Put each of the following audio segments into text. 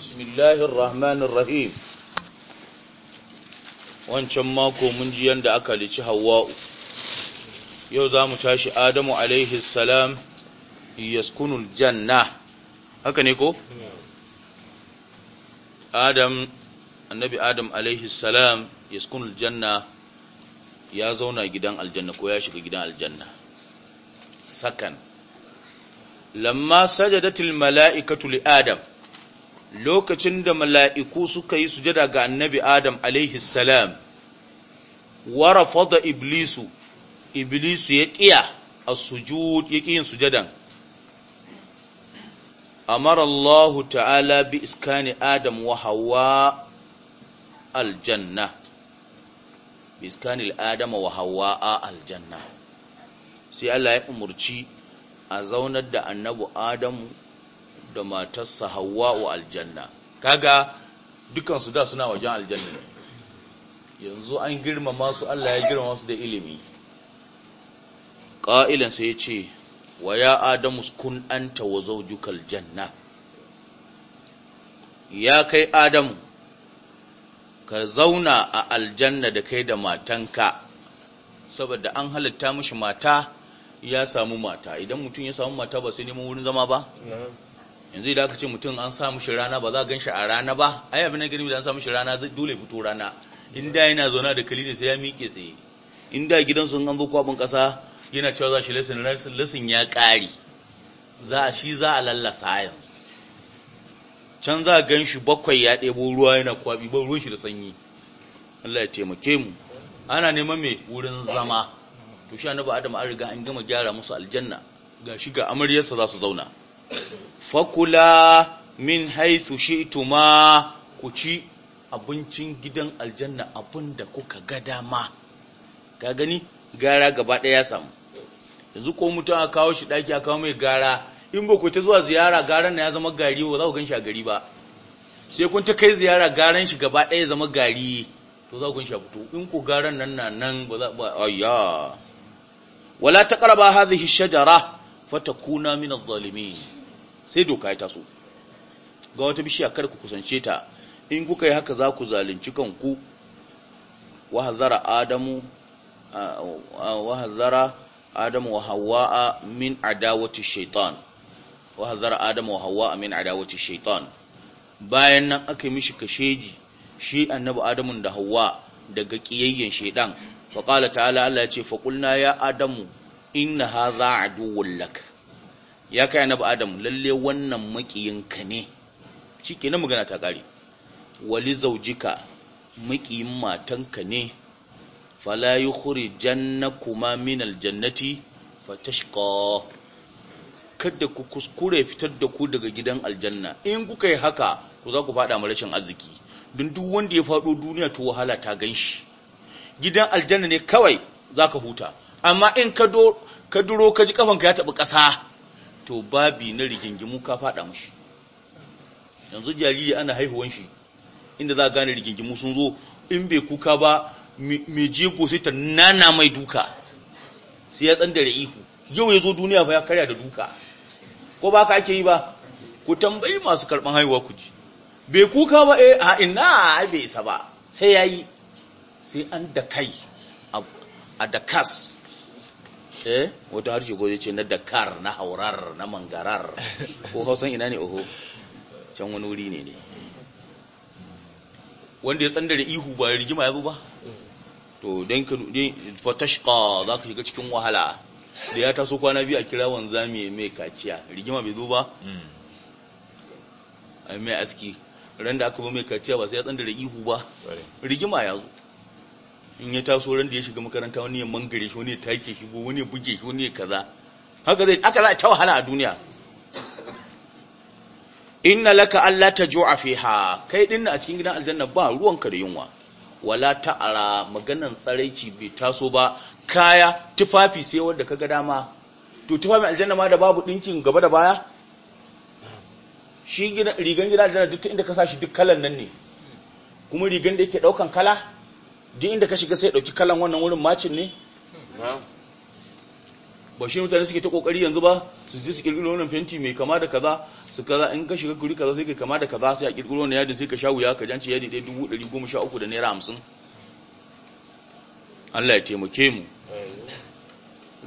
بسم الله الرحمن الرحيم wancan mako mun ji yanda aka lici Hawwa'u yau za mu tashi Adamu alaihi salam yaskunul janna haka ne ko Adam annabi Adam alaihi salam yaskunul janna ya zauna gidan aljanna ko ya shiga gidan aljanna sakan lamma sajadatil mala'ikatu li Adam lokacin da mala'iku suka yi sujada ga annabi Adam a.s. salam, warafa da Iblisu, Iblisu ya ƙiya a sujud ya ƙiyin sujadan. Amar Allah ta'ala bi iskani Adam wa hawa aljanna, bi iskani Adama wa hawa a aljanna. Sai Allah ya umarci a zaunar da annabu Adamu da matarsa wa aljanna kaga dukan su da suna wajen aljanna yanzu an girmama su Allah ya girmama su da ilimi qailan sai ce, wa ya adamu kun anta wa zawjukal janna ya kai Adam, ka zauna a aljanna da kai da matanka saboda an halitta mishi mata ya samu mata idan mutum ya samu mata ba sai neman wurin zama ba yanzu idan aka ce mutum an sa shi rana ba za a gan a rana ba ai abin da girmi da an sa shi rana dole fito rana in da yana zauna da kalili sai ya miƙe tsaye in da sun an zo kwabin ƙasa yana cewa za shi lesson lesson ya ƙari za a shi za a lallasa yanzu can za a ganshi bakwai ya ɗebo ruwa yana kwabi ba ruwan shi da sanyi Allah ya taimake mu ana neman mai wurin zama to shi annabi Adam an riga an gama gyara musu aljanna gashi ga amaryarsa za su zauna fakula min haithu ma ku ci abincin gidan aljanna abinda kuka ga dama ka gani gara gaba ɗaya ya samu yanzu ko mutum a kawo shi ɗaki a kawo mai gara in ba ku ta zuwa ziyara garan na ya zama gari ba za ku gan shi a gari ba sai kun ta kai ziyara garan shi gaba ɗaya zama gari to za ku gan shi a fito in ku garan nan na nan ba za ba ayya wala taqraba hadhihi shajara fatakuna min adh-dhalimin sai doka ya taso ga wata bishiya kar ku kusance ta in kuka yi haka za ku zalunci kanku wahazara adamu wa adamu wa hawa'a min adawati shaitan wahazara adamu wa hawa'a min adawati shaitan bayan nan aka yi mishi kasheji shi annabi adamun da hawa daga kiyayyen shaitan fa qala ta'ala Allah ya ce fa qulna ya adamu inna hadha aduwwun laka ya kai annabi adam lalle wannan makiyinka ne shikenan magana ta kare wali zaujika makiyin matanka ne fala yukhrijannakuma minal jannati fatashqa kada ku kuskure fitar da ku daga gidan aljanna in kuka yi haka ku za ku fada mu rashin arziki don duk wanda ya fado duniya to wahala ta ganshi gidan aljanna ne kawai zaka huta amma in ka do ka duro ka ji kafanka ya tabi ƙasa to babi na rigingimu ka faɗa mushi yanzu jariri ana haihuwan shi inda za a gane rigingimu sun zo in bai kuka ba mai jego sai ta nana mai duka sai ya tsandare ihu yau ya zo duniya ba ya karya da duka ko ba ka ake yi ba ku tambayi masu karɓan haihuwa ku ji bai kuka ba eh a ina bai isa ba sai ya yi sai an da kai a da kas eh wata harshe ko zai ce na dakar na haurar na mangarar ko hausan ina ne oho can wani wuri ne ne wanda ya tsandare ihu ba rigima ya zo ba to don ka fatashka za ka shiga cikin wahala da ya taso kwana biyu a kira wanza mai mai kaciya rigima bai zo ba hmm. a mai aski ran da aka zo mai kaciya ba sai ya tsandare ihu ba rigima ya zo in ya taso ran da ya shiga makaranta wani ya mangare shi wani ya take shi wani ya buge shi wani ya kaza haka zai aka za a ta wahala a duniya inna laka alla tajua fiha kai din a cikin gidan aljanna ba ruwanka da yunwa wala ta'ara maganan tsaraici bai taso ba kaya tufafi sai wanda kaga dama to tufafin aljanna ma da babu dinkin gaba da baya shi rigan gidan aljanna duk inda ka sa shi duk kalan nan ne kuma rigan da yake daukan kala duk inda ka shiga sai dauki kalan wannan wurin macin ne ba shi mutane suke ta kokari yanzu ba su je su kirkiro wannan fenti mai kama da kaza su kaza in ka shiga kuri kaza sai ka kama da kaza sai a kirkiro wannan yadin sai ka sha wuya ka janci yadi dai uku da naira hamsin. Allah ya taimake mu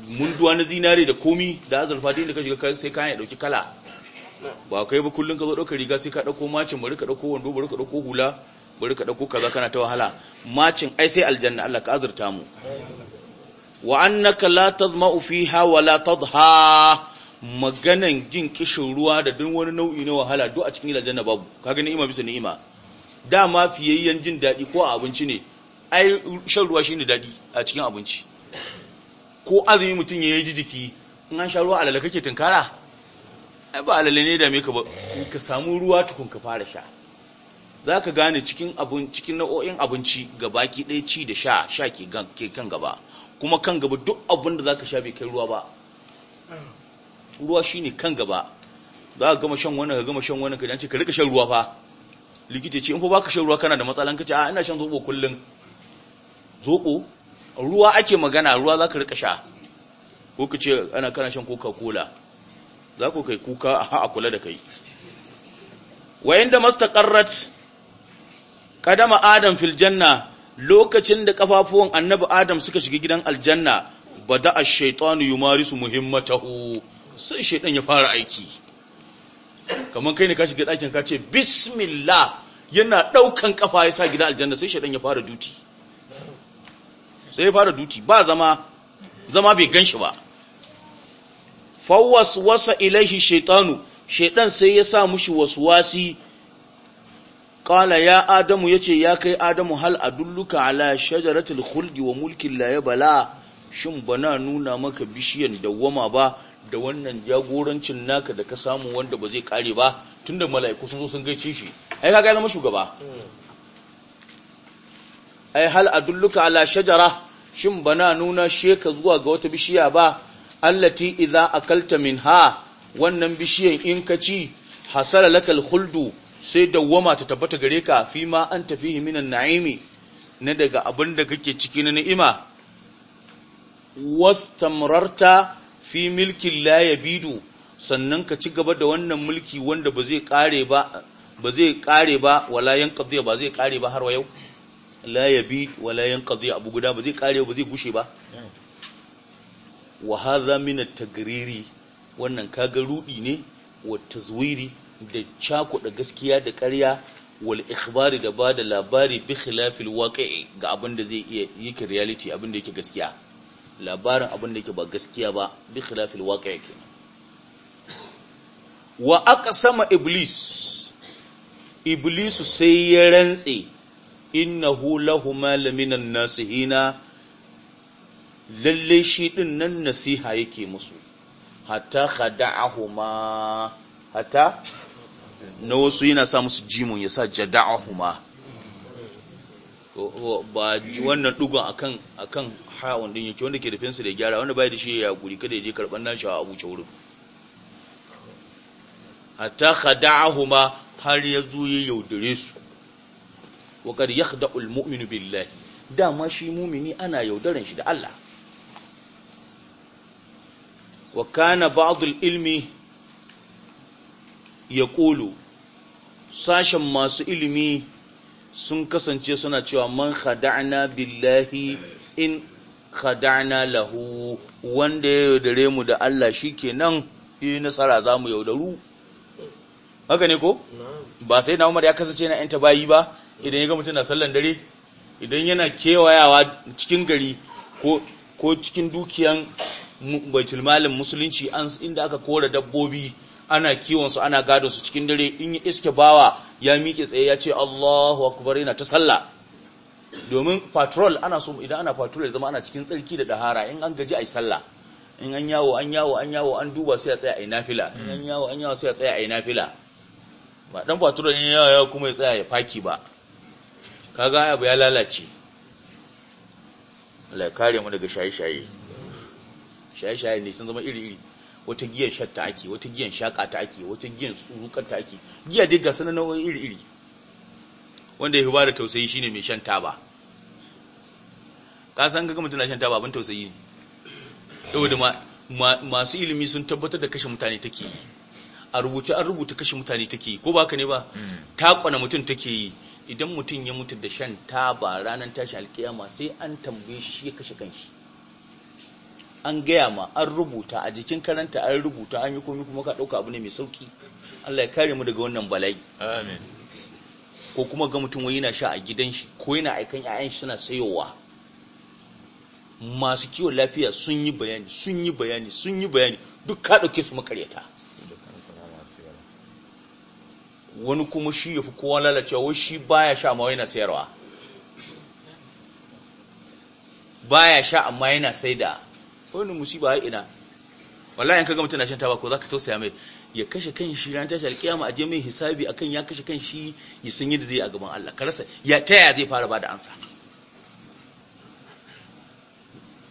mun duwa na zinare da komi da azurfa din da ka shiga sai kayan ya dauki kala ba kai ba kullun ka zo ɗauka riga sai ka ɗauko macin bari ka ɗauko wando bari ka ɗauko hula bari ka dauko kaza kana ta wahala macin ai sai aljanna Allah ka azurta mu wa annaka la tadma'u fiha wa la tadha maganan jin kishin ruwa da duk wani nau'i na wahala duk a cikin aljanna babu kaga ni'ima bisa ni'ima dama fiyayyen jin dadi ko abinci ne ai shan ruwa shine dadi a cikin abinci ko azumi mutun yayi jijiki in an sha ruwa alalaka kake tunkara ai ba alale da me ka ba ka samu ruwa tukun ka fara sha za ka gane cikin cikin nau'o'in abinci ga baki ɗaya ci da sha sha ke kan gaba kuma kan gaba duk abin da za ka sha bai kai ruwa ba ruwa shi ne kan gaba za ka gama shan wani ka gama shan wani ka dace ka rika shan ruwa fa likita ce in fa baka shan ruwa kana da matsalan ka ce a ina shan zobo kullum zobo ruwa ake magana ruwa za ka rika sha ko ka ce ana kana shan coca cola za ku kai kuka a kula da kai wayan da karrat kadama adam fil janna lokacin da kafafuwan annabi adam suka shiga gidan aljanna bada ash-shaytanu yumarisu muhimmatahu sai shaytan ya fara aiki kaman kai ne ka shiga dakin ka ce bismillah yana daukan kafa ya sa gidan aljanna sai shaytan ya fara duti sai ya fara duti ba zama zama bai ganshi ba fawwas wasa ilaihi shaytanu shaytan sai ya sa mushi waswasi Ƙala ya adamu ya ce ya kai adamu hal adulluka ala shajaratul khulgi wa mulkin la Bala. shin bana nuna maka bishiyan dawwama ba da wannan jagorancin naka da ka samu wanda ba zai kare ba tunda mala'iku sun zo sun gaice shi ai kaga zama shugaba ai hal adulluka ala shajara shin bana nuna sheka zuwa ga wata bishiya ba allati idza akalta ha, wannan bishiyan in ka ci hasala lakal khuldu sai dawwama ta tabbata gare ka fi ma an tafihi minan na'imi na daga abin da kake ciki na ni'ima wastamrarta fi milkin la yabidu sannan ka ci gaba da wannan mulki wanda ba zai kare ba ba zai kare ba wala yanqadi ba zai kare ba har wa yau la yabid wala yanqadi abu guda ba zai kare ba zai gushe ba wa hadha min at-tagriri wannan kaga rudi ne wa tazwiri da cakuɗa gaskiya da ƙarya wal ikhbari da ba da labari bi khilafil waqi'i ga abin da zai iya yake reality abin da yake gaskiya labarin abin da yake ba gaskiya ba bi khilafil waqi'i kenan wa aqsama iblis iblis sai ya rantse innahu lahuma laminan nasihina lalle shi din nan nasiha yake musu hatta khada'ahuma hatta na wasu yana sa musu jimun ya sa jada'ahuma ba wannan dugun akan akan hawan din yake wanda ke da fensu da gyara wanda bai da shi ya guri kada ya je karɓar nashi a abuce wurin hatta khada'ahuma har ya zo ya yaudare su wa kad yakhda'u almu'minu billahi dama shi mumini ana yaudaran shi da Allah wa kana ilmi ya ƙolo sashen masu ilimi sun kasance suna cewa man khada'na billahi in khada'na lahu wanda ya yaudare mu da Allah shi ke nan yi nasara za mu yaudaru haka ne ko? ba sai na umar ya kasance na 'yanta bayi ba idan ya ga mutum na sallan dare idan yana kewayawa cikin gari ko cikin dukiyan baitul musulunci musulunci inda aka kora dabbobi ana kiwon su ana gado su cikin dare in yi iske bawa ya miƙe tsaye ya ce Allahu akbar yana ta sallah domin patrol ana so idan ana patrol zama ana cikin tsarki da dahara in an gaji yi sallah in an yawo an yawo an yawo an duba sai ya tsaya yi nafila in an yawo an yawo sai ya tsaya yi nafila ba dan patrol in yawo ya kuma ya tsaya ya faki ba kaga abu ya lalace Allah ya kare mu daga shaye-shaye shaye-shaye ne sun zama iri-iri wata giyar shatta ake wata giyar shaka ta ake wata giyar tsurukan ta ake giya dai ga sanan nau'in iri-iri wanda ya fi ba da tausayi shine mai shan taba ka san ga mutum na shan taba abin tausayi ne saboda masu ilimi sun tabbatar da kashe mutane take yi a rubuce an rubuta kashe mutane take yi ko ba ka ne ba hmm. ta kwana mutum take yi idan mutum ya mutu da shan taba ranar tashi alkiyama sai an tambaye shi shi ya kashe kanshi an gaya ma an rubuta a jikin karanta an rubuta an yi komi kuma ka ɗauka abu ne mai sauki Allah ya kare mu daga wannan bala'i amen ko kuma ga mutum wai yana sha a gidan shi ko yana aikan ƴaƴan shi suna sayowa masu kiwon lafiya sun yi bayani sun yi bayani sun yi bayani duk ka ɗauke su makaryata wani kuma shi ya fi kowa lalacewa wai shi baya sha ma yana sayarwa baya sha amma yana saida wani musiba a ina wallahi in kaga mutum na shan tabako zaka tausaya mai ya kashe kan shi ran tashi alkiyama aje mai hisabi akan ya kashe kan shi ya san yadda zai a gaban Allah ka rasa ya taya zai fara bada ansa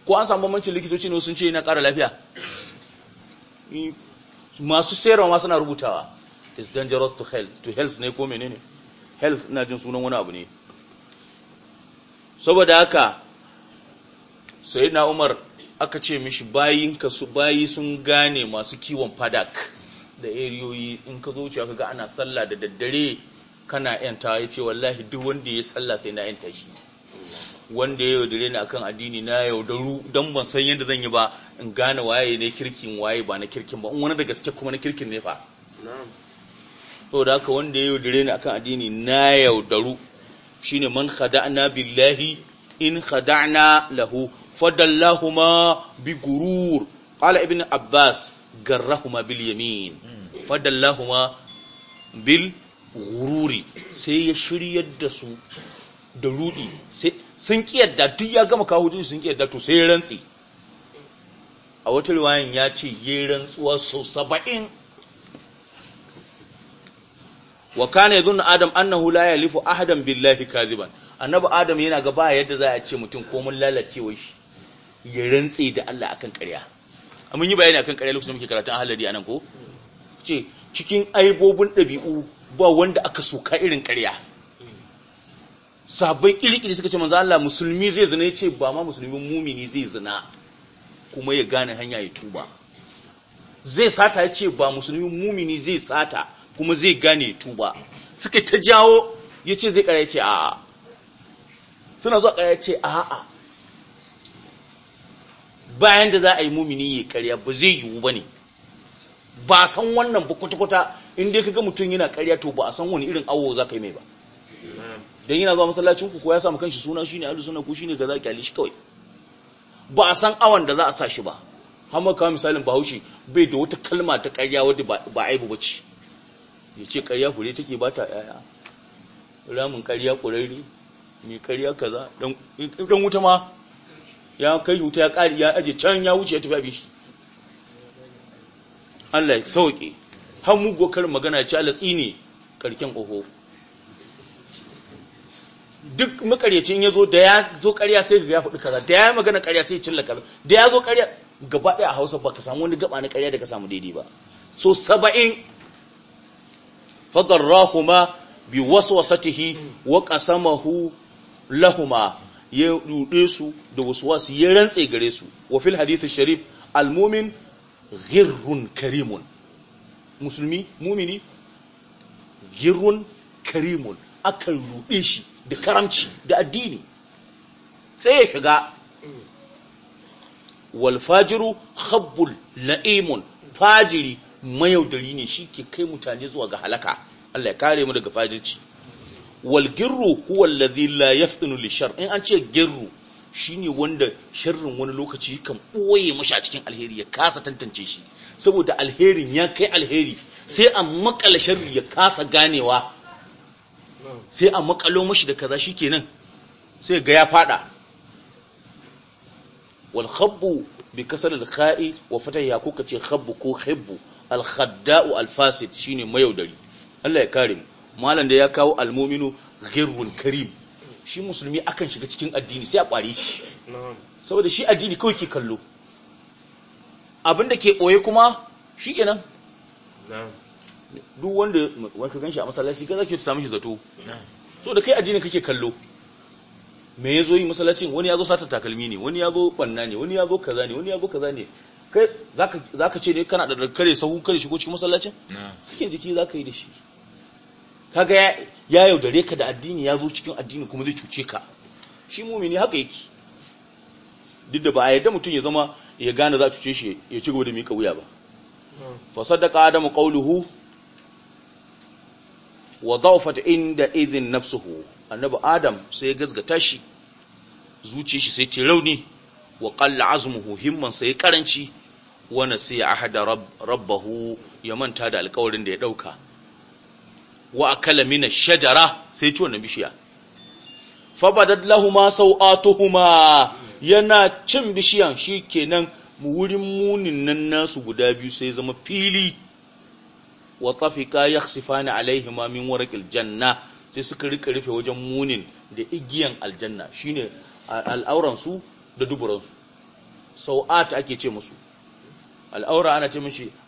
ko an samu mamancin likitoci ne sun ce na kara lafiya masu sayarwa ma suna rubutawa is dangerous to health to health ne ko menene health ina jin sunan wani abu ne saboda haka sayyidina Umar aka ce mishi bayinka su bayi sun gane masu kiwon fadak da eriyoyi in ka zo ka ga ana sallah da daddare kana yanta ya ce wallahi duk wanda ya sallah sai na yanta shi wanda ya yaudare ni akan addini na yaudaru don ban san yadda zan yi ba in gane waye ne kirkin waye ba na kirkin ba in wani da gaske kuma na kirkin ne fa da haka wanda ya yaudare ni akan addini na yaudaru shine man khada'na billahi in khada'na lahu fadallahuma bi gurur qala ibn abbas garrahuma bil yamin hmm. fadallahuma bil gururi sai ya shiryar da su da rudi sai sun kiyarda duk ya gama kawo jin sun kiyarda to sai rantsi a wata riwayan ya ce yi rantsuwa sau saba'in wa kana yadun adam annahu la yalifu ahadan billahi kaziban annabi adam yana ga ba yadda za a ce mutum ko mun lalacewa shi ya rantse da Allah akan ƙarya mun yi bayani akan ƙarya lokacin da muke karatun ahalari anan ko ce cikin aibobin ɗabi'u ba wanda aka soka irin ƙarya sabai kirkiri suka ce manzo Allah musulmi zai zina yace ba ma musulmi mumini zai zina kuma ya gane hanya ya tuba zai sata yace ba musulmi mumini zai sata kuma zai gane ya tuba suka ta jawo yace zai ƙarya yace a'a suna zuwa ƙarya yace a'a bayan da za a yi mumini ya karya ba zai yiwu ba ne ba san wannan ba kwata-kwata inda ka ga mutum yana karya to ba a san wani irin awo za ka yi mai ba don yana zuwa masallacin ku ko ya samu kanshi suna shine alu suna ku ne ga za ki shi kawai ba a san awon da za a sa shi ba hamaka kawai misalin bahaushe bai da wata kalma ta karya wadda ba yi ba ce ya ce karya fure take ba ta yaya ramin karya ƙurari mai karya kaza ɗan wuta ma ya kai wuta ya ƙari ya aje can ya wuce ya tafi abin shi Allah ya sauke har mugu kar magana ce Allah ne karkin oho duk makaryacin ya zo da ya zo karya sai ga ya faɗi kaza da ya magana karya sai cilla kaza da ya zo karya gaba ɗaya a hausa baka samu wani gaba na ƙarya da ka samu daidai ba so saba'in fadarrahuma bi wa qasamahu lahuma ya rude su da wasu ya rantse gare su wa fil hadith sharif mu'min ghirrun karimun musulmi mumini ghirrun karimun akan rude shi da karamci da addini sai ya shiga wal fajiru khabbul la'imun fajiri mayaudari ne shi ke kai mutane zuwa ga halaka Allah ya kare mu daga fajirci Walgirru, girru huwa alladhi la li shar in an ce girru shine wanda sharrin wani lokaci kan ɓoye mashi a cikin alheri ya kasa tantance shi saboda alherin ya kai alheri sai an makala sharri ya kasa ganewa sai an makalo mashi da kaza shikenan sai ga ya fada Walhabbu khabbu bi kasar al kha'i wa ya ko kace khabbu ko khibbu al khadda'u al fasid shine mayaudari Allah ya kare mu malam da ya kawo almominu ghairun karim shi musulmi akan shiga cikin addini sai a kware shi saboda shi addini kawai ke kallo abinda ke boye kuma shikenan duk wanda wanda ganshi a masallaci ga zaki ta samu shi zato so da kai addini kake kallo me yazo yi masallacin wani yazo sata takalmi ne wani yazo banna ne wani yazo kaza ne wani yazo kaza ne kai zaka zaka ce ne kana da kare sahu kare shigo cikin masallacin sakin jiki zaka yi da shi kaga ya yaudare ka da addini ya zo cikin addini kuma zai cuce ka shi mumini haka yake duk da ba a yadda mutum ya zama ya gane za a cuce shi ya ci gaba da mika wuya ba da sadaqa mu qawluhu wa zaufata inda izin nafsuhu annabi adam sai ya gazgata shi zuce shi sai ta rauni wa qalla azumuhu himman sai karanci sai ya ahada rabbahu ya manta da alkawarin da ya ɗauka. wa akala mina shajara sai ci wannan bishiya fa badad lahumu tuhuma yana cin bishiyan shikenan wurin munin nan nasu guda biyu sai zama fili wa tafika yakhsifani alaihima min warqil janna sai suka rika rufe wajen munin da igiyan aljanna shine al'auran su da duburan su sau'at ake ce musu al'aura ana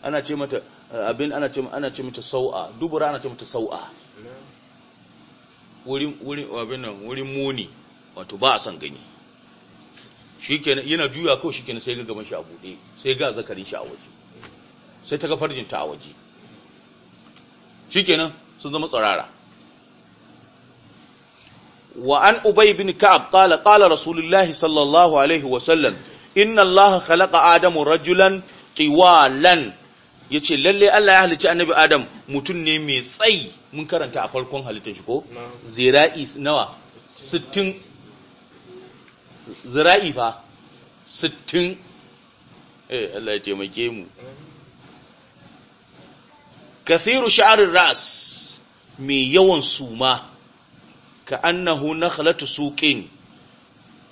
ana ce mata abin ana ce ana ce mata sau'a dubura ana ce mata sau'a wurin wurin abin nan wurin muni wato ba a san gani shikenan yana juya kawai shikenan sai ga gaban shi a bude sai ga zakarin shi a waje sai ta ga farjin ta a waje shikenan sun zama tsarara wa an ubay bin ka'ab qala qala rasulullahi sallallahu alaihi wa sallam inna allaha khalaqa adama rajulan qiwalan ya ce lalle Allah ya halicci annabi Adam mutum ne mai tsayi mun karanta a farkon halittar shi ko? Zira'i nawa? Sittin. Zira'i fa? Sittin. Eh, Allah ya taimake mu. Kathiru sha'arin ras mai yawan suma, ka annahu na suqin suƙin,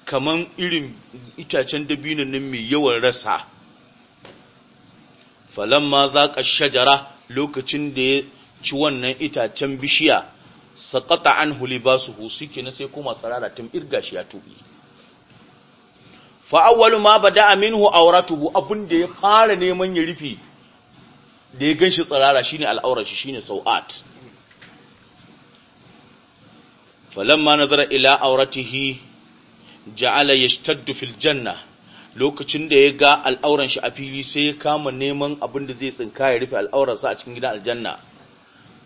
kaman irin itacen dabinan nan mai yawan rasa. falamma zaqa shajara lokacin da ya ci wannan itacen bishiya saqata anhu libasuhu sike na sai kuma tsarara tun irga shi ya tubi fa awwalu ma bada'a minhu auratuhu abun da ya fara neman ya rufe da ya ganshi tsarara shine al'aurar shi shine Falan falamma nazara ila auratihi ja'ala yashtaddu fil janna lokacin da ya ga al'auran shi a fili sai ya kama neman abin da zai tsinka ya rufe sa a cikin gidan aljanna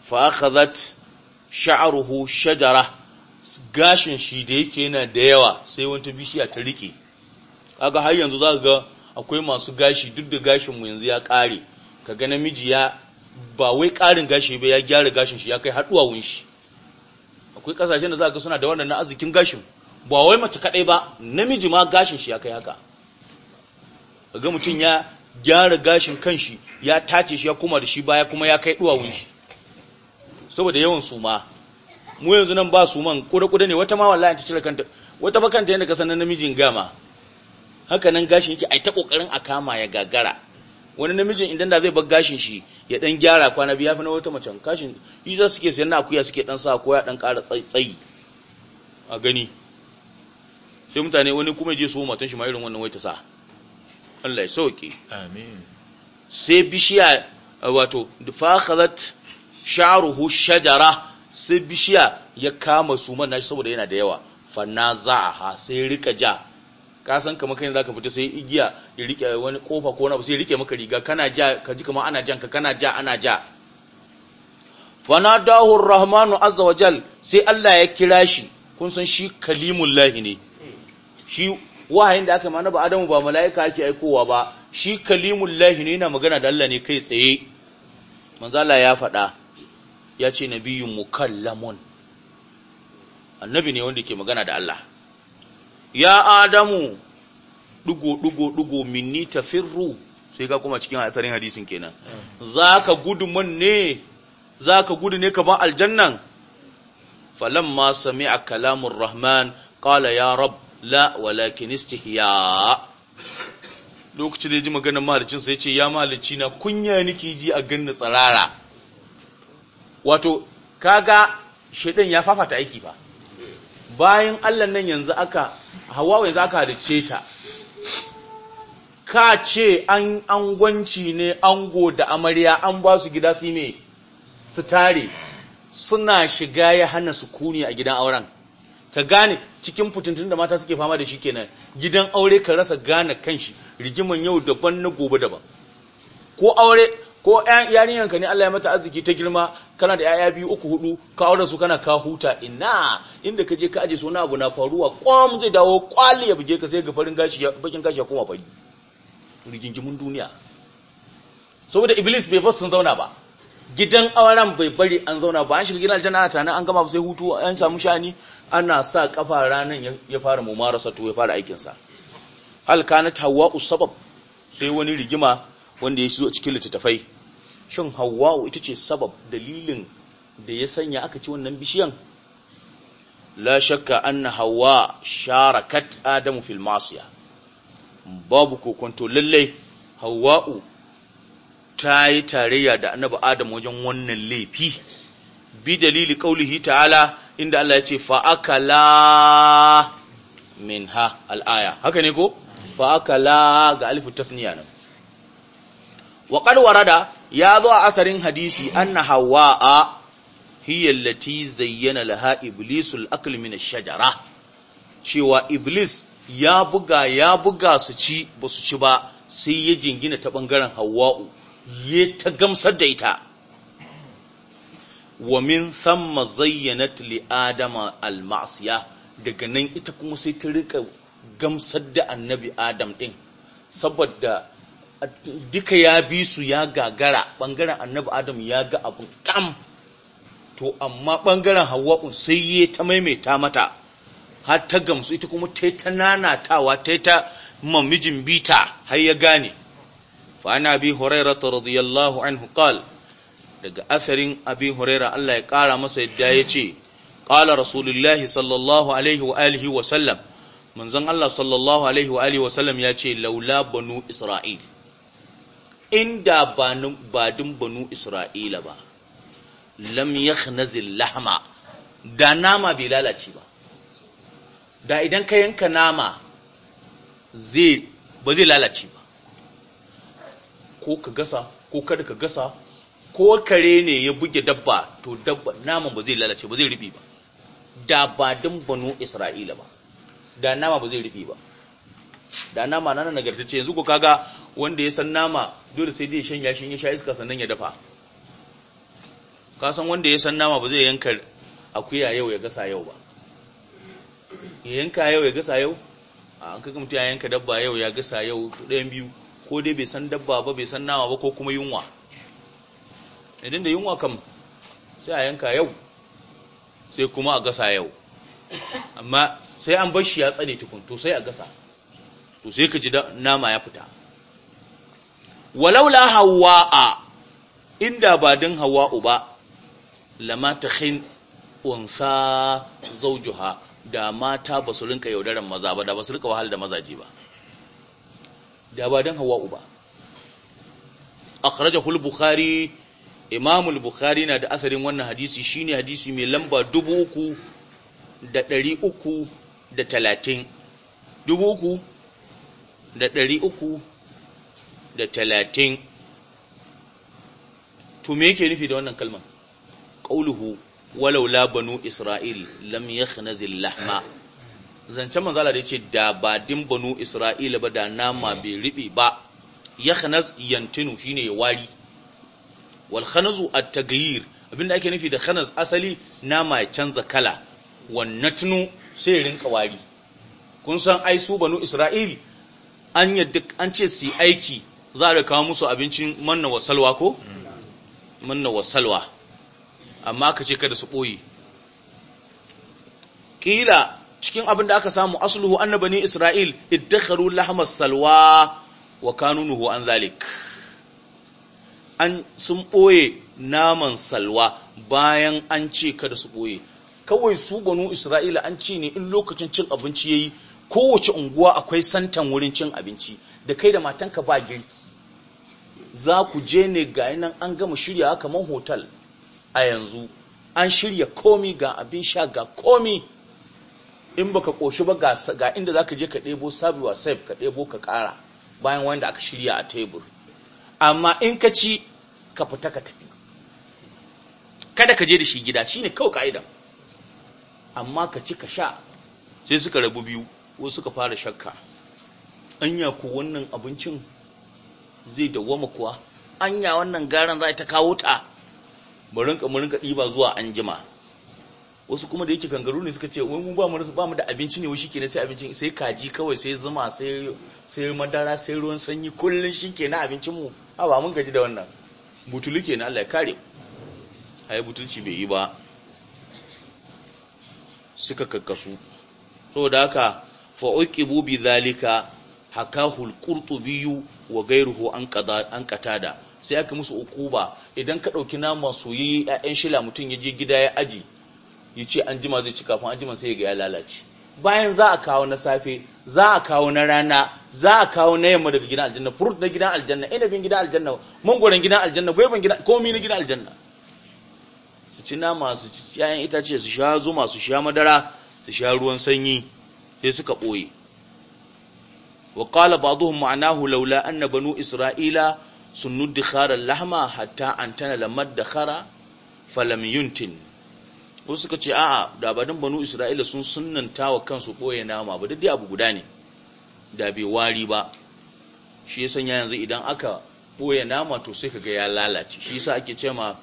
fa akhadhat sha'ruhu shajara gashin shi da yake yana da yawa sai wata bishiya ta rike kaga har yanzu zaka ga akwai masu gashi duk da gashin mu yanzu ya kare kaga namiji ya ba wai karin gashi ba ya gyara gashin shi ya kai haduwa shi akwai kasashen da zaka ga suna da wannan na arzikin gashin ba wai mace kadai ba namiji ma gashin shi ya kai haka ga mutum ya gyara gashin kanshi ya tace shi ya kuma da shi baya kuma ya kai duwawun shi saboda yawan suma mu yanzu nan ba suman kura-kura ne wata ma wallahi ta cire kanta wata kanta yadda ka sanar namijin gama haka nan gashin yake ai ta kokarin a kama ya gagara wani namijin idan da zai bar gashin shi ya dan gyara kwana biya fi na wata macen gashin yi za suke sayan na akuya suke dan sa ko ya dan ƙara tsayi a gani sai mutane wani kuma je so matan shi ma irin wannan wai ta sa Allah ya sauke amin sai bishiya wato fakhazat sha'ruhu shajara sai bishiya ya kama su man shi saboda yana da yawa fanaza'aha sai rika ja ka san kamar kai zaka fita sai igiya ya rike wani kofa ko wani sai rike maka riga kana ja ka ji kamar ana janka kana ja ana ja fana ar-rahmanu azza wa jal sai Allah ya kira shi kun san shi kalimullahi ne shi wahayin da aka mana ba adamu ba mala'ika yake aikowa ba shi kalimullahi ne yana magana da Allah ne kai tsaye manzala ya faɗa ya ce nabiyyun mukallamun annabi ne wanda ke magana da Allah ya adamu dugo dugo dugo minni tafirru sai ka kuma cikin hatsarin hadisin kenan zaka gudu mun ne zaka gudu ne kamar aljannan falamma sami'a kalamur rahman qala ya rabb la walakin istihya lokacin da ya ji maganar mahalicin sai ya ce ya mahalicci na kunya nake ji a ganin tsarara wato kaga shedan ya fafata aiki ba bayan Allah nan yanzu aka hawa yanzu aka halice ta ka ce an angwanci ne ango da amarya an ba su gida su ne su tare suna shiga ya hana su kuni a gidan auren ka gane cikin fitintun da mata suke fama da shi kenan gidan aure ka rasa gane kanshi rigiman yau daban na gobe daban ko aure ko yarinyanka ne Allah ya mata arziki ta girma kana da yaya biyu uku hudu ka aure su kana ka huta ina inda ka je ka aje sona abu na faruwa kwam zai dawo kwali ya buge ka sai ga farin gashi bakin gashi ya koma fari rigingimun duniya saboda iblis bai bar sun zauna ba gidan auren bai bari an zauna ba an shiga gidan aljanna tana, an gama sai hutu an samu shani ana sa kafa ranan ya fara mumarasa to ya fara aikinsa hal kanat Hauwa'u sabab sai wani rigima wanda ya shigo cikin littattafai shin hawa'u ita ce sabab dalilin da ya sanya aka ci wannan bishiyan la shakka anna hawa sharakat adamu fil masiya babu kokonto lalle hawa'u ta yi tarayya da annabi adamu wajen wannan laifi bi dalili qaulihi ta'ala inda Allah ya ce fa'akala min ha al'aya haka ne ko fa'akala ga alifu tafniya nan wa ya zo a asarin hadisi anna a hiya allati zayyana laha iblisul akalmin shajara cewa iblis ya buga ya buga su ci ba su ci ba sai ya jingina ta ɓangaren hawa'u ya ta gamsar da ita wa min thamma zayyanat li adama al ma'siya daga nan ita kuma sai ta rika gamsar da annabi adam din saboda duka ya bi su ya gagara bangaren annabi adam ya ga abu kam to amma bangaren hawa'un sai ya ta maimaita mata har ta gamsu ita kuma ta ta nanatawa ta ta mamijin bita har ya gane fa ana bi hurairah radiyallahu anhu qala daga asarin abi huraira Allah ya ƙara masa yadda ya ce ƙala rasulullahi sallallahu alaihi wa alihi wa sallam manzon Allah sallallahu alaihi wa alihi wa sallam ya ce laula banu isra'il inda badin banu isra'ila ba lam yakhnazil lahma da nama bai lalace ba da idan ka yanka nama zai ba zai lalace ba ko ka gasa ko kada ka gasa ko kare ne ya buge dabba to dabba naman ba zai lalace ba zai rubi ba da ba dan banu isra'ila ba da nama ba zai rubi ba da nama na nagartacce yanzu ko kaga wanda ya san nama dole sai dai shan yashin ya sha iska sannan ya dafa ka san wanda ya san nama ba zai yanka akuya yau ya gasa yau ba ya yanka yau ya gasa yau an kaga mutum ya yanka dabba yau ya gasa yau to ɗayan biyu ko dai bai san dabba ba bai san nama ba ko kuma yunwa idan da yunwa kam sai a yanka yau sai kuma a gasa yau amma sai an bar shi ya tsane tukun to sai a gasa to sai ka ji nama ya fita walaula hawa'a inda ba din hawa'u ba lama khin unsa zawjuha da mata ba su rinka yaudaran maza ba da ba su rinka wahal da mazaje ba da ba dan hawa'u ba akhrajahu al-bukhari imamul bukhari na da asarin wannan hadisi shine hadisi mai lamba dubu uku da ɗari uku da talatin dubu uku da ɗari da talatin to me yake nufi da wannan kalmar qauluhu walau la banu isra'il lam yakhnazil lahma manzo Allah da yace da ba din banu Isra'il ba da nama bai ruɓe ba yakhnaz yantinu shine ya wari wal khanazu at-taghyir abinda ake nufi da khanaz asali nama ya canza kala wanna tunu sai ya rinka wari kun san ai su banu isra'il an yadda an ce su aiki za a kawo musu abincin manna wa ko manna wa amma ka ce kada su boye kila cikin abin da aka samu asluhu annabani isra'il iddakharu lahmas salwa wa kanunuhu an zalik an sun ɓoye naman salwa bayan an ce kada su ɓoye kawai su banu isra'ila an ce ne in lokacin cin abinci ya yi kowace unguwa akwai santan wurin cin abinci da kai da matanka ba girki za ku je ne ga nan an gama shirya kamar hotel a yanzu an shirya komi ga abin sha ga komi in baka koshi ba ga inda za ka je ka ɗebo sabuwa saif ka ɗebo ka ƙara bayan wanda aka shirya a tebur amma in ka ci ka fita ka tafi kada ka je da shi gida shine kawai ka'ida amma ka ci ka sha sai suka rabu biyu wasu suka fara shakka anya ko wannan abincin zai dawwama kuwa anya wannan garan za ta kawo ta mu rinka mu rinka diba zuwa anjima wasu kuma da yake gangaru ne suka ce wai mu ba mu da abinci ne wai shikenan sai abinci sai kaji kawai sai zuma sai sai madara sai ruwan sanyi kullun shikenan abincin mu a ba mun gaji da wannan butulu kenan Allah ya kare ai butulci bai yi ba suka kakkasu saboda haka fa uqibu bi zalika hakahul qurtubi wa gairuhu an qada an qatada sai aka musu ukuba idan ka dauki nama soyayye 'ya'yan shila mutun yaje gida ya aji yi ce an jima zai ci kafin an jima sai ga ya lalace bayan za a kawo na safe za a kawo na rana za a kawo na yamma daga gidan aljanna furut na gidan aljanna inabin gidan aljanna mangoron gidan aljanna gwaiban gidan komi na gidan aljanna su ci nama su ci ƴaƴan itace su sha zuma su sha madara su sha ruwan sanyi sai suka ɓoye wa qala ba'dhum ma'nahu laula anna banu isra'ila sunnud dikhara lahma hatta antana lamad dakhara falam yuntin wasu suka ce a'a dabanin banu isra'ila sun sunnanta wa kansu ɓoye nama ba duk abu guda ne da bai wari ba shi ya sanya yanzu idan aka ɓoye nama to sai kaga ya lalace shi yasa ake cema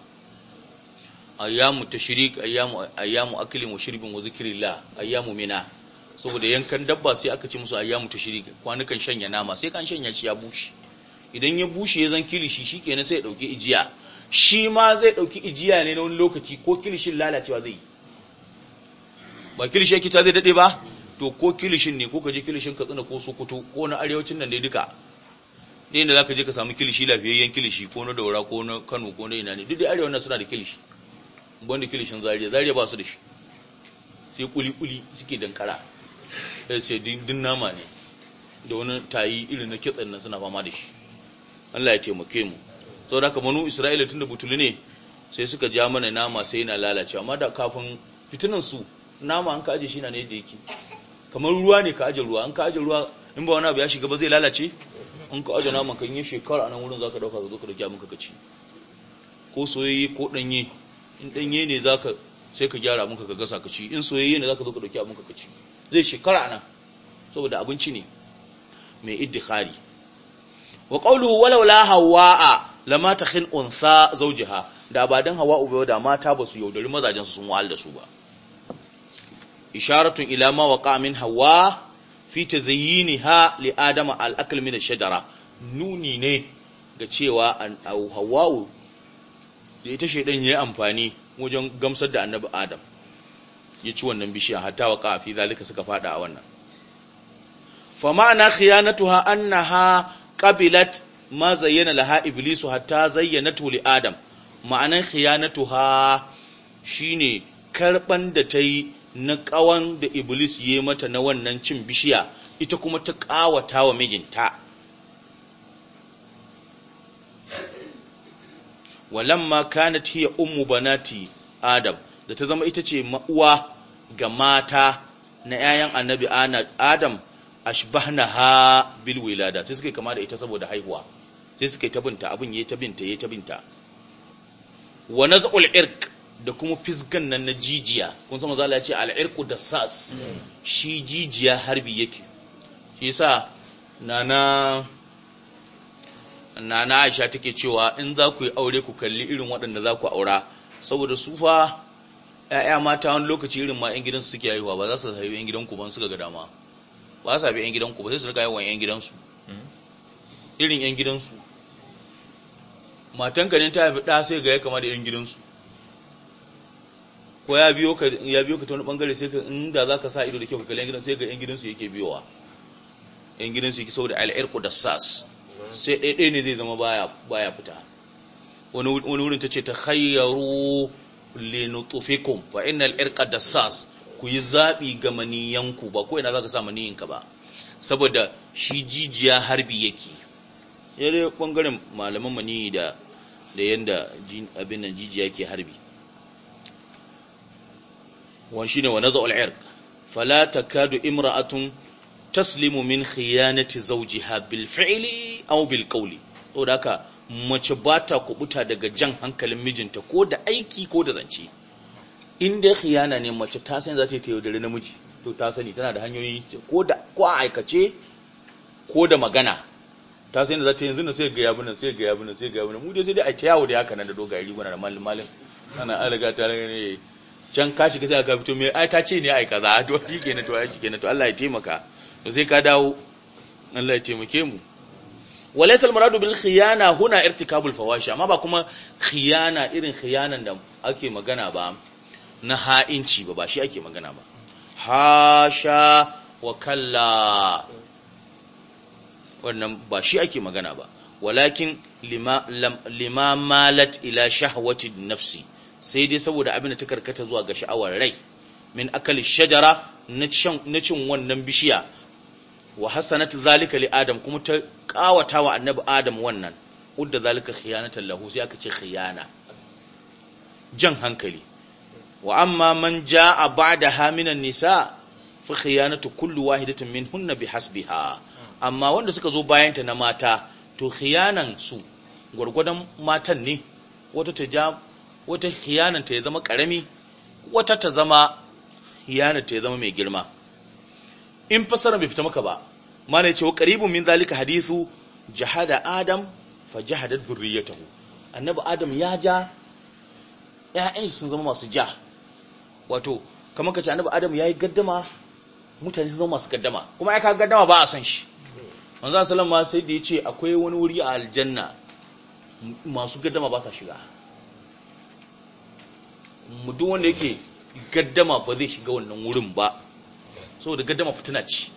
ayyamu tashrik ayyamu ayyamu aklin wa shirbin wa zikrillah ayyamu mina saboda yankan dabba sai aka ce musu ayyamu tashrik kwanukan shanya nama sai kan shanya shi ya bushe idan ya bushe ya zan kilishi shikenan sai ya dauke ijiya shi ma zai ɗauki ijiya ne na wani lokaci ko kilishin lalacewa zai yi ba kilishin ta zai daɗe ba to ko kilishin ne ko ka je kilishin katsina ko sokoto ko na arewacin nan dai duka ne inda za ka je ka samu kilishi lafiyayyen kilishi ko na daura ko na kano ko na ina ne duk da arewa nan suna da kilishi wanda kilishin zariya zariya ba su da shi sai kuli-kuli suke dankara sai ce din nama ne da wani tayi irin na kitsan nan suna fama da shi Allah ya taimake mu sau da kamanu isra'ila tun da butulu ne sai suka ja mana nama sai yana lalacewa amma da kafin fitinan su nama an ka aje shi na ne da yake kamar ruwa ne ka aje ruwa an ka aje ruwa in ba wani abu ya shiga ba zai lalace an ka aje nama kan yi shekara a nan wurin za ka ɗauka ka zo ka rage muka kaci ko soyayye ko ɗanye in ɗanye ne za ka sai ka gyara muka ka gasa ka ci in soyayye ne za ka zo ka dauki abin ka ci zai shekara a nan saboda abinci ne mai iddihari wa qawluhu walaula hawa'a Lamata ta khil unsa zaujiha da ba dan hawa uba da mata ba su yaudari mazajen su sun wahal da su ba isharatun ila ma waqa min hawa fi tazayyinha li adama al akl min ash-shajara nuni ne ga cewa an hawa da ita shedan yayi amfani wajen gamsar da annabi adam ya ci wannan bishiya hatta waqa fi zalika suka fada a wannan fa ma'ana khiyanatuha annaha qabilat ma zayyana laha iblisu hatta tu li adam ma'anan ha shine karban da ta yi na kawan da iblis ya mata na wannan cin bishiya ita kuma ta kawata wa mijinta walamma kanat hiya ummu banati adam da ta zama ita ce ma'uwa ga mata na 'ya'yan annabi adam ashbahnaha bil wilada sai suke kama da ita saboda haihuwa sai suka yi ta binta abin ya ta binta ya ta binta wa naz'ul irq da kuma fisgan nan na jijiya kun sama zala ya ce al’irku da sas shi jijiya harbi yake shi sa na na Aisha take cewa in za ku yi aure ku kalli irin waɗanda za ku aura saboda su fa ‘ya'ya mata wani lokaci irin ma gidan su suke haihuwa ba za su haihu ‘yan gidanku ban suka ga dama ba su haifi ‘yan gidanku ba sai su rika yawan ‘yan gidansu hmm. irin ‘yan gidansu matanka ne ta haifi ɗa sai ga ya kama da 'yan gidansu ko ya biyo ka ta wani bangare sai ka inda za ka sa ido da kyau ka kalli 'yan gidansu sai ga 'yan gidansu yake biyowa 'yan gidansu yake saboda al'irku da sas sai ɗaiɗai ne zai zama baya fita wani wurin ta ce ta khayyaru linutufikum fa innal da sas ku yi zaɓi ga maniyanku ba ko ina za ka sa maniyanka ba saboda shi jijiya harbi yake yare ɓangaren malaman maniyi da da yanda abin nan jijiya ke harbi wani ne wa naza irq fala kadu imra'atun taslimu min khiyanati zawjiha bil fi'li aw bil qawli da haka mace ba ta kubuta daga jan hankalin mijinta ko da aiki ko da zance in khiyana ne mace ta san za ta yi ta yaudare namiji to ta sani tana da hanyoyi ko da ko a aikace ko da magana ta sai da za ta yanzu na sai ga yabuna sai ga yabuna sai ga yabuna mu dai sai dai a ta yawo da haka nan da dogayen riguna da malin malin ana an riga ta ne can ka shiga sai ka fito me ai ta ce ne ai kaza to shi kenan to ai shi kenan to Allah ya taimaka to sai ka dawo Allah ya taimake mu walaysa al-muradu bil khiyana huna irtikabul fawashi amma ba kuma khiyana irin khiyanan da ake magana ba na ha'inci ba ba shi ake magana ba hasha wa kalla wannan ba shi ake magana ba walakin lima malat ila shahwati nafsi sai dai saboda abin da ta karkata zuwa ga sha'awar rai min akali shajara na cin wannan bishiya wa hasanat zalika li adam kuma ta kawata wa annabi adam wannan udda zalika khiyanatan lahu sai aka ce khiyana jan hankali wa amma man jaa da Hamina nisa fa khiyanatu kullu wahidatin minhunna bihasbiha amma wanda suka zo bayanta na mata to khiyanan su gwargwadon matan ne wata ta ja wata khiyanan ta ya zama karami wata ta zama khiyanan ta ya zama mai girma in fasara bai fita maka ba mana yace wa qaribun min zalika hadithu jahada adam fa jahadat zurriyatahu annabi adam ya ja ƴaƴan sun zama masu ja wato kamar kace annabi adam yayi gaddama mutane sun zama masu gaddama kuma ai ka gaddama ba a san shi manzo sallallahu ma sai da yace akwai wani wuri a aljanna masu gaddama ba sa shiga duk wanda yake gaddama ba zai shiga wannan wurin ba saboda gaddama fitina ce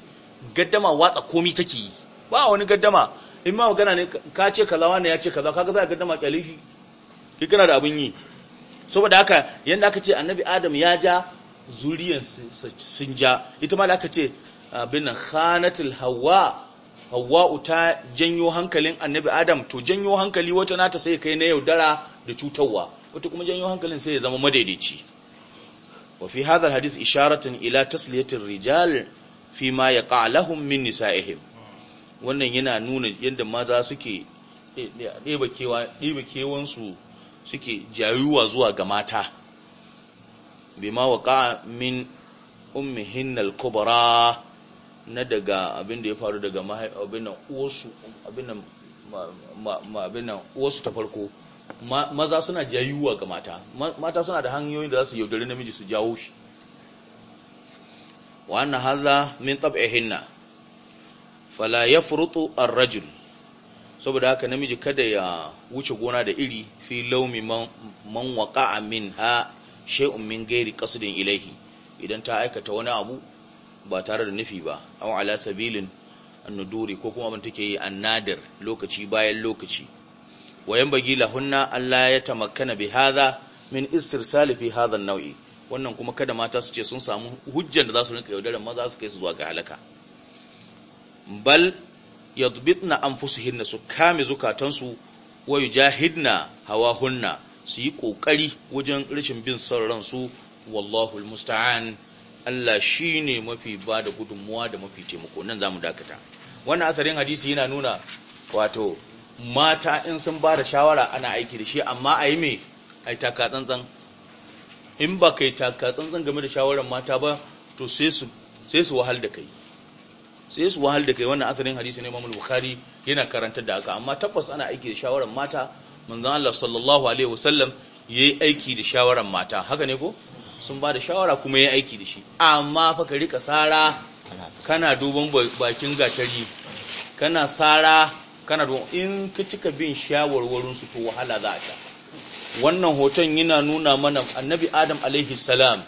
gaddama watsa komi take yi ba wani gaddama in ma magana ne ka ce kazawa ne ya ce kaza kaga za ka gaddama kyale shi ki kana da abin yi saboda haka yanda aka ce annabi adam ya ja zuriyan sun ja ita ma da aka ce abin nan khanatul hawa Hawwa'u ta janyo hankalin Annabi Adam to janyo hankali wata nata sai kai na yaudara da cutarwa wata kuma janyo hankalin sai ya zama madaidaici wa fi hadha alhadith isharatan ila tasliyatun rijal fi ma ya lahum min nisa'ihim wannan yana nuna yadda maza suke ɗeba kewa ɗeba kewansu suke jayuwa zuwa ga mata bima waqa min ummihinnal kubra na daga abin da ya faru daga abin ta farko maza suna jayuwa ga mata mata suna da hanyoyin da za su yaudari namiji su jawo shi wannan anna min min hinna, fala ya furutu rajin. saboda haka namiji kada ya wuce gona da iri fi laumi man amin ha shay'un min gairi qasdin ilaihi, idan ta aikata wani abu ba tare da nufi ba aw ala sabilin annuduri ko kuma mun take yi nadar lokaci bayan lokaci wayan bagi lahunna Allah ya tamakkana bi hadha min istirsal fi hadha nau'i. wannan kuma kada mata su ce sun samu hujjar da za su rinka yaudaran maza su kai su zuwa ga halaka bal yadbitna anfusuhunna su kame zukatansu wa yujahidna hawahunna su yi kokari wajen rashin bin son su wallahu almusta'an Allah shi ne mafi ba da gudunmuwa da mafi taimako nan za mu dakata wannan asarin hadisi yana nuna wato mata in sun ba da shawara ana aiki da shi amma a yi mai a yi takatsantsan. in ba ka yi takatsantsan game da shawarar mata ba to sai su wahal da kai sai su wahal da kai wannan asarin hadisi ne mamul bukhari yana karantar da haka amma tabbas ana aiki da shawarar mata manzan Allah sallallahu alaihi wasallam yi aiki da shawarar mata haka ne ko sun ba da shawara kuma ya aiki da shi amma fa ka rika sara kana duban bakin gatari kana sara kana duban in ka cika bin shawarwarin su to wahala za a sha wannan hoton yana nuna mana annabi adam alaihi salam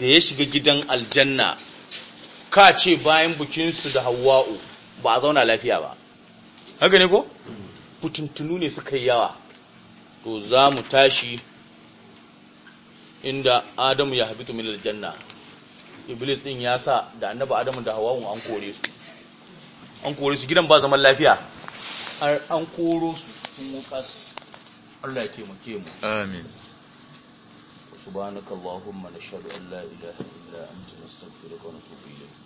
da ya shiga gidan aljanna ka ce bayan bikinsu da hawa'u ba a zauna lafiya ba haka ne ko fitintunu ne suka yawa to za mu tashi inda adamu ya habitu min aljanna iblis din ya sa da annabi adamu da hawawun an kore su an kore su gidan ba zaman lafiya an koro su cikin wukas Allah ya taimake mu amin subhanakallahumma nashhadu an la ilaha illa anta nastaghfiruka wa natubu ilayk